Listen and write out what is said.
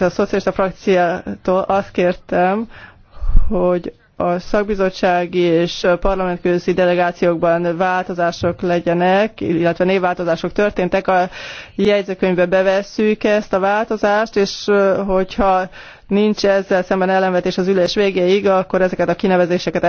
és a szocialista frakciától azt kértem, hogy a szakbizottsági és parlamentközi delegációkban változások legyenek, illetve névváltozások történtek, a jegyzőkönyvbe bevesszük ezt a változást, és hogyha nincs ezzel szemben ellenvetés az ülés végéig, akkor ezeket a kinevezéseket el